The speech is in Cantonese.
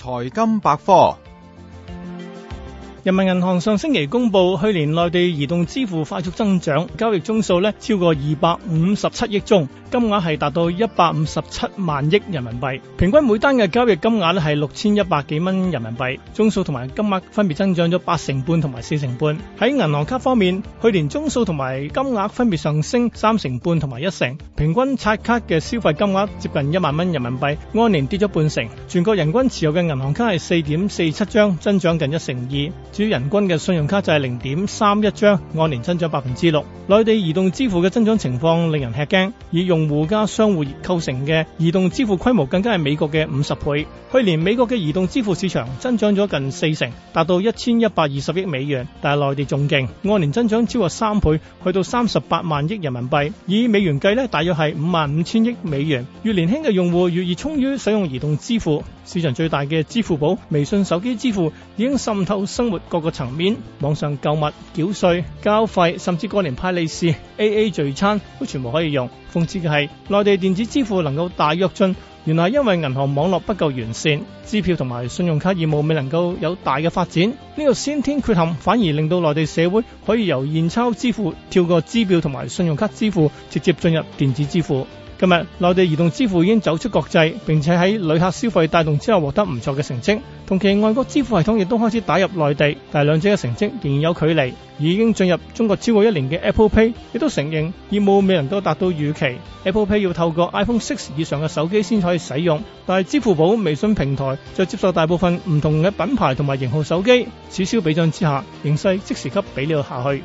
財金百科。人民銀行上星期公布，去年內地移動支付快速增長，交易宗數咧超過二百五十七億宗，金額係達到一百五十七萬億人民幣，平均每單嘅交易金額咧係六千一百幾蚊人民幣，宗數同埋金額分別增長咗八成半同埋四成半。喺銀行卡方面，去年宗數同埋金額分別上升三成半同埋一成，平均刷卡嘅消費金額接近一萬蚊人民幣，按年跌咗半成。全國人均持有嘅銀行卡係四點四七張，增長近一成二。主要人均嘅信用卡就係零點三一張，按年增長百分之六。內地移動支付嘅增長情況令人吃驚，以用戶加商戶構成嘅移動支付規模更加係美國嘅五十倍。去年美國嘅移動支付市場增長咗近四成，達到一千一百二十億美元，但係內地仲勁，按年增長超過三倍，去到三十八萬億人民幣，以美元計呢，大約係五萬五千億美元。越年輕嘅用戶越易充於使用移動支付，市場最大嘅支付寶、微信手機支付已經滲透生活。各個層面，網上購物、繳稅、交費，甚至過年派利是、AA 聚餐，都全部可以用。諷刺嘅係，內地電子支付能夠大躍進。原來因為銀行網絡不夠完善，支票同埋信用卡業務未能夠有大嘅發展，呢個先天缺陷反而令到內地社會可以由現鈔支付跳過支票同埋信用卡支付，直接進入電子支付。今日內地移動支付已經走出國際，並且喺旅客消費帶動之後獲得唔錯嘅成績，同期外國支付系統亦都開始打入內地，但係兩者嘅成績仍然有距離。已經進入中國超過一年嘅 Apple Pay 亦都承認業務未能都達到預期。Apple Pay 要透過 iPhone 6以上嘅手機先可以使用，但係支付寶、微信平台就接受大部分唔同嘅品牌同埋型號手機。此消彼長之下，形勢即時給比了下去。